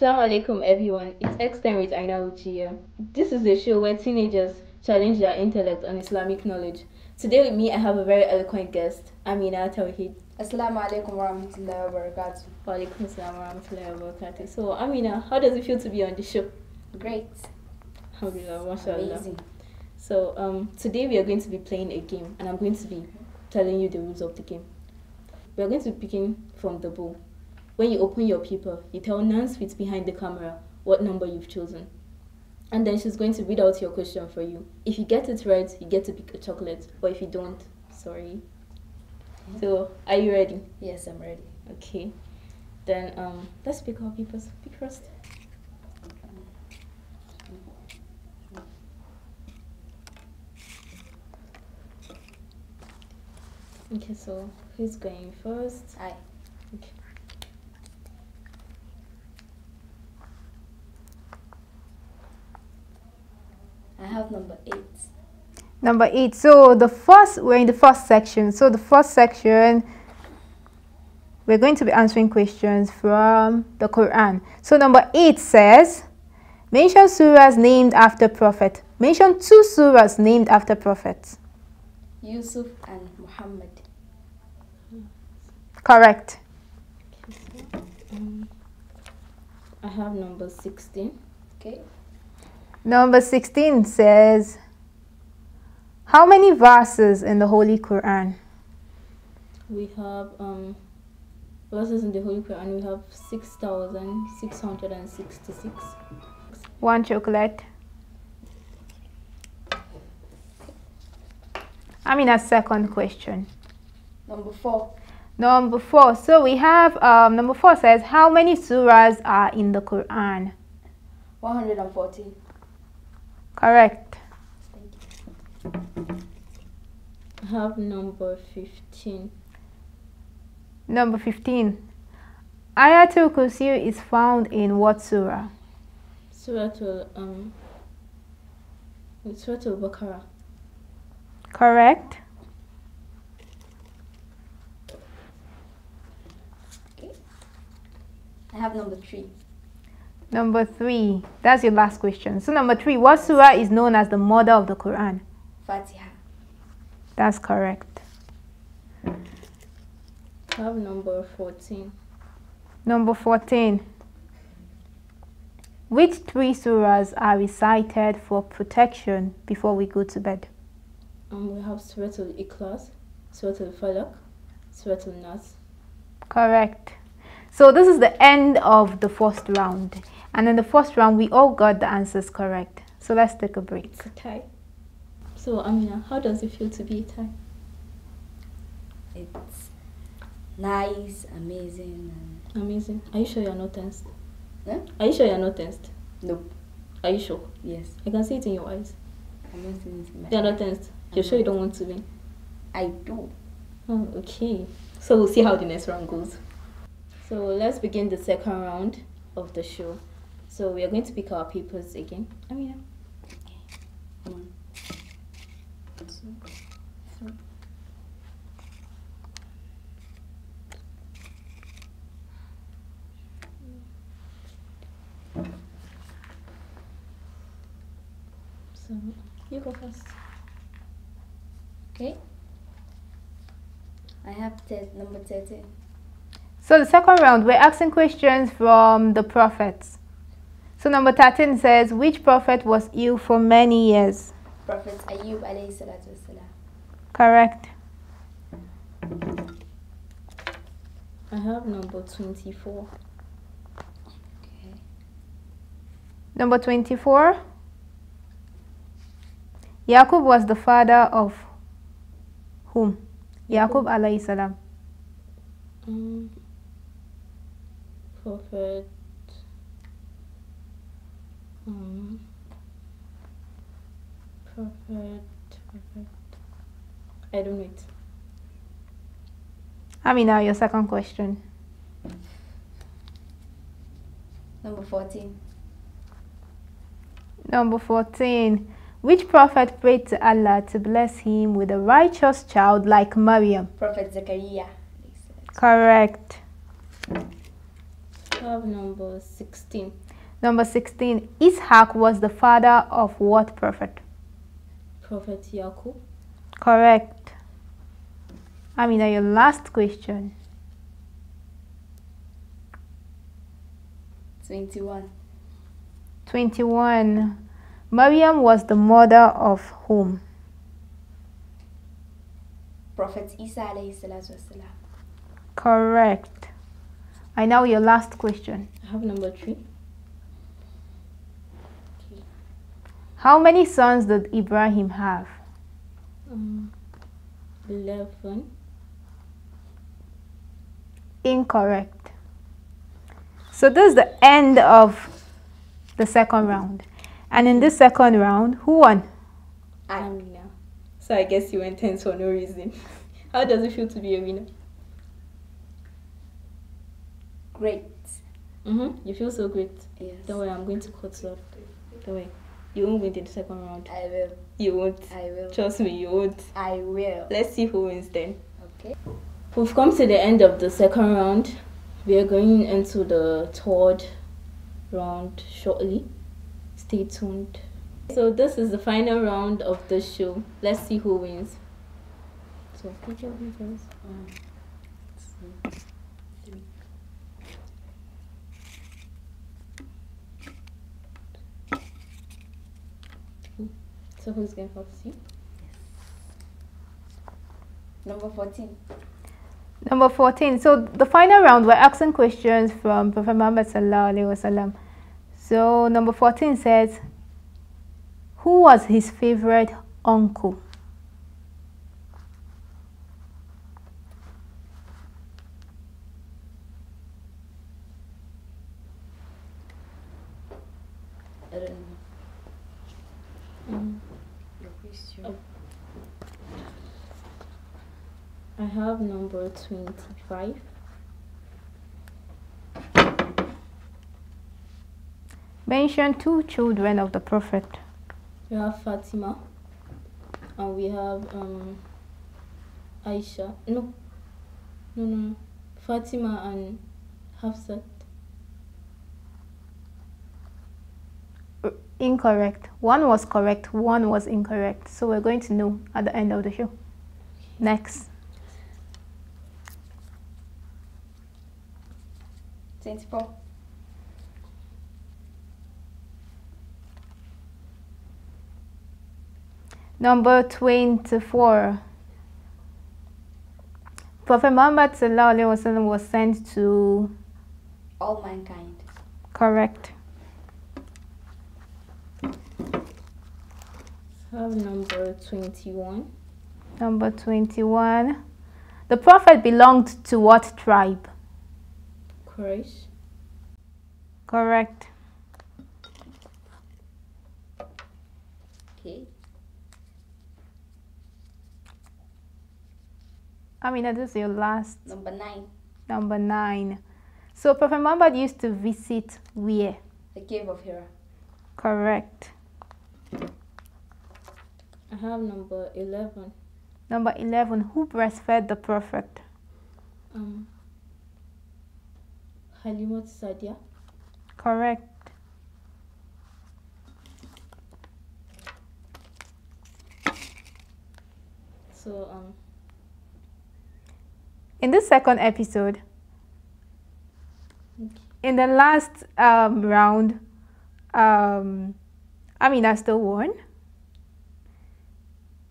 Assalamu alaikum everyone, it's X with Aina Uchiya. This is a show where teenagers challenge their intellect on Islamic knowledge. Today with me I have a very eloquent guest, Amina Tawheed. Assalamu alaikum wa rahmatullahi wa alaikum assalam So Amina, how does it feel to be on the show? Great. Alhamdulillah, mashallah. Amazing. So um, today we are going to be playing a game and I'm going to be telling you the rules of the game. We are going to be picking from the bowl. When you open your paper, you tell Nance with behind the camera what number you've chosen. And then she's going to read out your question for you. If you get it right, you get to pick a chocolate, or if you don't, sorry. So, are you ready? Yes, I'm ready. Okay. Then um, let's pick our papers. Pick first. Okay, so who's going first? I. Okay. Number eight. So the first, we're in the first section. So the first section, we're going to be answering questions from the Quran. So number eight says, mention surahs named after prophet. Mention two surahs named after prophets. Yusuf and Muhammad. Correct. I have number 16. Okay. Number 16 says, how many verses in the Holy Quran? We have um, verses in the Holy Quran. We have 6,666. One chocolate. I mean, a second question. Number four. Number four. So we have um, number four says, How many surahs are in the Quran? 114. Correct. have number 15. Number 15. Ayatul Kursi is found in what surah? Surah um Al Baqarah. Correct. Okay. I have number 3. Number 3. That's your last question. So number 3, what surah is known as the mother of the Quran? Fatiha. That's correct. I have number 14. Number 14. Which three surahs are recited for protection before we go to bed? Um, we have Surah Al-Ikhlas, Surah Al-Falaq, Surah Al-Nas. Correct. So this is the end of the first round. And in the first round, we all got the answers correct. So let's take a break. Okay. So, Amina, how does it feel to be a Thai? It's nice, amazing. Amazing. Are you sure you're not tensed? Huh? Are you sure you're not tensed? Nope. Are you sure? Yes. I can see it in your eyes. I'm not seeing it in my You're not tensed. You're sure you don't want to win? I do. Oh, okay. So we'll see how the next round goes. So let's begin the second round of the show. So we are going to pick our papers again. Amina. So you go first. Okay. I have number 13. So the second round, we're asking questions from the prophets. So number 13 says, which prophet was ill for many years? Prophet Ayub alayhi salatu Correct. I have number 24. Okay. Number 24? Yaqub was the father of whom? Yaqub alayhi salam. Mm. Prophet. Mm. prophet. Prophet. I don't know it. I mean, now your second question. Number 14. Number 14. Which prophet prayed to Allah to bless him with a righteous child like Maryam? Prophet Zechariah. Correct. Twelve number 16. Number 16. Ishaq was the father of what prophet? Prophet Yaqub. Correct. Amina, your last question. 21. 21. Maryam was the mother of whom? Prophet Isa Correct. I now your last question. I have number three. Okay. How many sons did Ibrahim have? Um, Eleven. Incorrect. So this is the end of the second round. And in the second round, who won? I. So I guess you went tense for no reason. How does it feel to be a winner? Great. Mm-hmm. You feel so great. Yes. Don't worry, I'm going to cut you off. Don't worry. You won't win in the second round. I will. You won't. I will. Trust me, you won't. I will. Let's see who wins then. Okay. We've come to the end of the second round. We are going into the third round shortly stay tuned. So this is the final round of the show. Let's see who wins. So two, three. So who's going first? You. Number 14. Number 14. So the final round, we're asking questions from Prophet Muhammad Sallallahu Alaihi Wasallam. So number 14 says, who was his favorite uncle? I have number 25. mention two children of the Prophet. We have Fatima and we have um, Aisha. No, no, no. Fatima and Hafsat. Uh, incorrect. One was correct, one was incorrect. So we're going to know at the end of the show. Next. 24. Number 24. Prophet Muhammad was sent to all mankind. Correct. Have number 21. Number 21. The prophet belonged to what tribe? Quraysh. Correct. Okay. I mean, that is your last. Number nine. Number nine. So Prophet Muhammad used to visit where? The cave of Hira. Correct. I have number 11. Number 11. Who breastfed the Prophet? Um, Halimut Sadia. Correct. So, um, in the second episode, in the last um, round, um, Amina still won.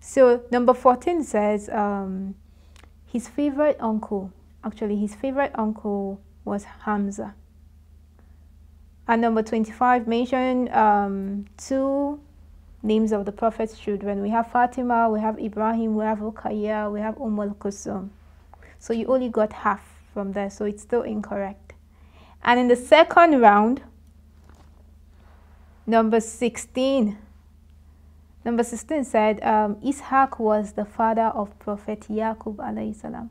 So number 14 says um, his favorite uncle, actually his favorite uncle was Hamza. And number 25 mentioned um, two names of the prophet's children. We have Fatima, we have Ibrahim, we have Ruqayya, we have umar Kusum. So you only got half from there, so it's still incorrect. And in the second round, number 16, number 16 said, um, Ishaq was the father of Prophet Yaqub alayhi salam.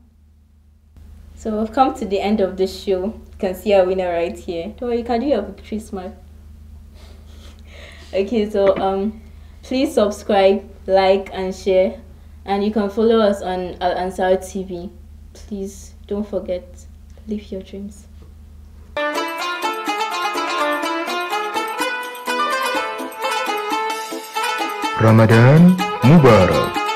So we've come to the end of the show. You can see our winner right here. Don't worry, you can do your victory smile. okay, so um, please subscribe, like, and share. And you can follow us on Al Ansar TV please don't forget, live your dreams. Ramadan Mubarak